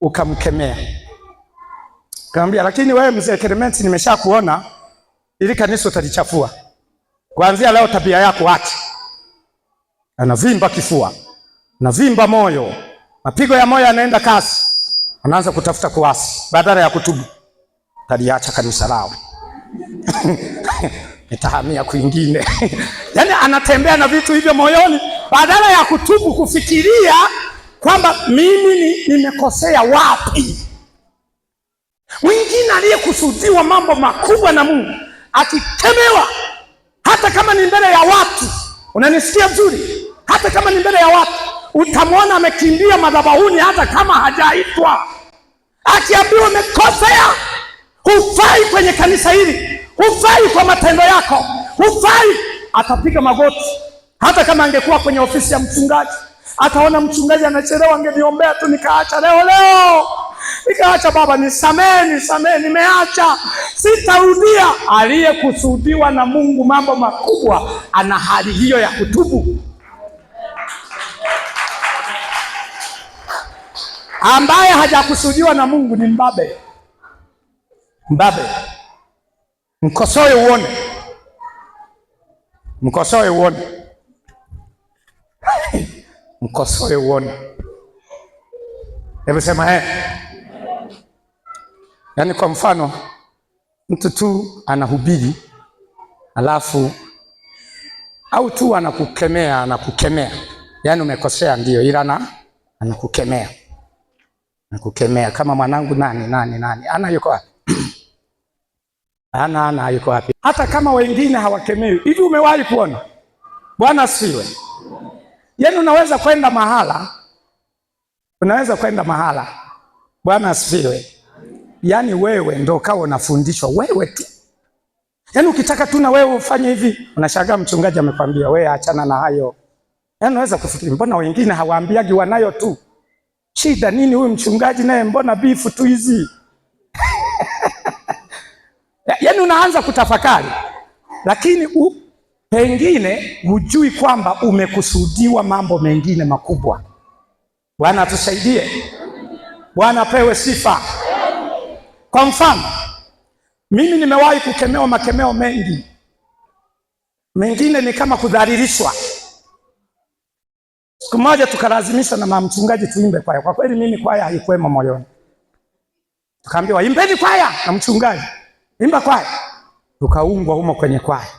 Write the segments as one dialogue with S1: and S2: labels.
S1: ukamkemea. kaambia, lakini wewe mzee Clement, nimeshakuona ili kanisa utalichafua. Kuanzia leo tabia yako acha. Anavimba kifua, anavimba moyo, mapigo ya moyo yanaenda kasi, anaanza kutafuta kuasi badala ya kutubu. Taliacha kanisa lao nitahamia kwingine. Yani anatembea na vitu hivyo moyoni, badala ya kutubu, kufikiria kwamba mimi nimekosea wapi. Mwingine aliyekusudiwa mambo makubwa na Mungu akikemewa, hata kama ni mbele ya watu, unanisikia vizuri, hata kama ni mbele ya watu, utamwona amekimbia madhabahuni, hata kama hajaitwa, akiambiwa umekosea, hufai kwenye kanisa hili, hufai kwa matendo yako, hufai, atapiga magoti, hata kama angekuwa kwenye ofisi ya mchungaji Ataona mchungaji anachelewa, angeniombea tu nikaacha leo leo, nikaacha. Baba nisamee, nisamee, nimeacha, sitarudia. Aliyekusudiwa na Mungu mambo makubwa ana hali hiyo ya kutubu. Ambaye hajakusudiwa na Mungu ni mbabe, mbabe. Mkosoe uone, mkosoe uone mkosoe uone. Hebu sema eh. Yaani kwa mfano mtu tu anahubiri alafu au tu anakukemea, anakukemea yaani umekosea ndio, ila na anakukemea, anakukemea kama mwanangu nani nani nani, ana yuko wapi? ana ana yuko wapi? Hata kama wengine hawakemei hivi, umewahi kuona? Bwana siwe Yaani unaweza kwenda mahala, unaweza kwenda mahala, Bwana asifiwe, yaani wewe ndo ukawa unafundishwa wewe tu, yaani ukitaka tu na wewe ufanye hivi, unashangaa mchungaji amekwambia wewe achana na hayo. Yaani unaweza kufikiri mbona wengine hawaambiagi wanayo tu, shida nini huyu mchungaji naye, mbona bifu tu hizi yaani unaanza kutafakari, lakini u Pengine hujui kwamba umekusudiwa mambo mengine makubwa. Bwana atusaidie, Bwana apewe sifa. Kwa mfano, mimi nimewahi kukemewa makemeo mengi, mengine ni kama kudhalilishwa. Siku moja tukalazimisha na mamchungaji tuimbe kwaya. Kwa kweli mimi kwaya haikuwemo moyoni, tukaambiwa imbeni kwaya na mchungaji, imba kwaya, tukaungwa humo kwenye kwaya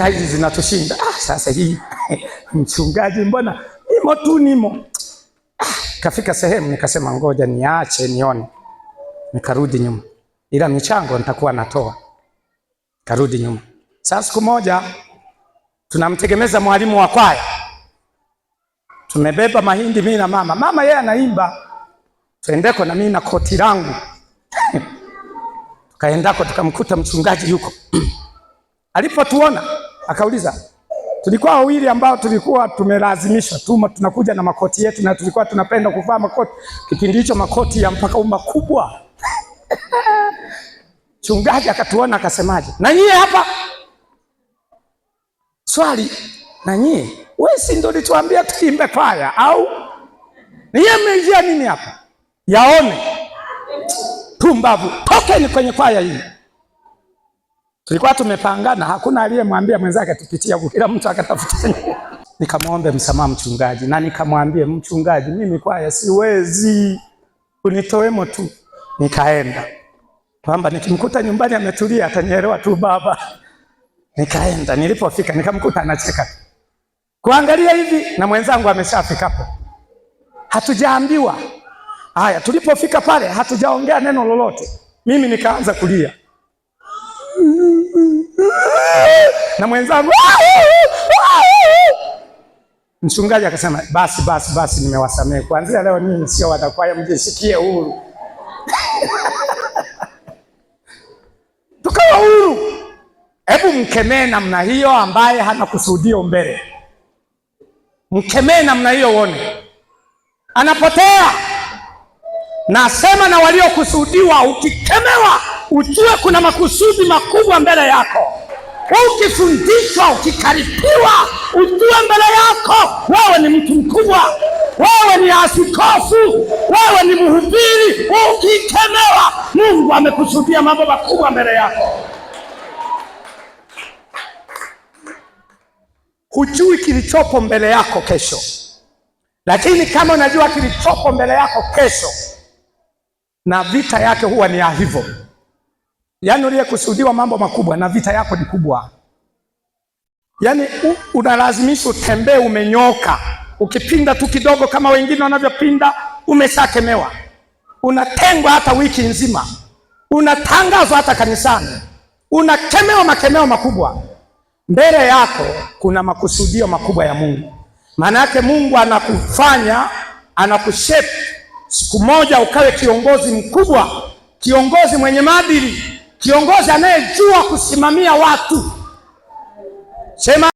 S1: sasa hizi zinatushinda. Ah, sasa hii mchungaji, mbona nimo tu nimo. Ah, kafika sehemu nikasema ngoja niache nione, nikarudi nyuma, ila michango nitakuwa natoa. Karudi nyuma. Sasa siku moja tunamtegemeza mwalimu wa kwaya, tumebeba mahindi mimi na mama, mama yeye anaimba, tuendeko na mimi na koti langu tukaendako, tukamkuta mchungaji yuko alipotuona akauliza tulikuwa wawili ambao tulikuwa tumelazimishwa tu tunakuja na makoti yetu, na tulikuwa tunapenda kuvaa makoti kipindi hicho, makoti ya mpaka makubwa Chungaji akatuona akasemaje, na nyie hapa swali, na nyie wewe, si ndio ulituambia tukimbe kwaya au nyie mmeingia nini hapa? Yaone tumbavu, tokeni kwenye kwaya hii. Tulikuwa tumepangana, hakuna aliyemwambia mwenzake tupitie huko, kila mtu akatafuta Nikamwombe msamaha mchungaji na nikamwambie mchungaji, mimi kwaya siwezi, unitowemo tu. Nikaenda kwamba nikimkuta nyumbani ametulia atanielewa tu baba. Nikaenda, nilipofika nikamkuta anacheka kuangalia hivi, na mwenzangu ameshafika hapo, hatujaambiwa haya. Tulipofika pale, hatujaongea neno lolote, mimi nikaanza kulia na mwenzangu Mchungaji akasema basi basi basi, nimewasamehe kuanzia leo ninyi sio watakwaya, mjisikie huru. Tukawa huru. Hebu mkemee namna hiyo ambaye hana kusudio mbele, mkemee namna hiyo, uone anapotea. Nasema na waliokusudiwa, ukikemewa ujue kuna makusudi makubwa mbele yako. Ukifundishwa, ukikaripiwa, ujue mbele yako wewe ni mtu mkubwa, wewe ni asikofu, wewe ni mhubiri. Ukikemewa, Mungu amekusudia mambo makubwa mbele yako. Hujui kilichopo mbele yako kesho, lakini kama unajua kilichopo mbele yako kesho, na vita yake huwa ni ya hivyo Yaani uliyekusudiwa mambo makubwa na vita yako ni kubwa, yaani unalazimisha utembee umenyoka. Ukipinda tu kidogo kama wengine wanavyopinda, umeshakemewa, unatengwa hata wiki nzima, unatangazwa hata kanisani, unakemewa makemeo makubwa. Mbele yako kuna makusudio makubwa ya Mungu. Maana yake Mungu anakufanya anakushape, siku moja ukawe kiongozi mkubwa, kiongozi mwenye maadili Kiongozi anayejua kusimamia watu sema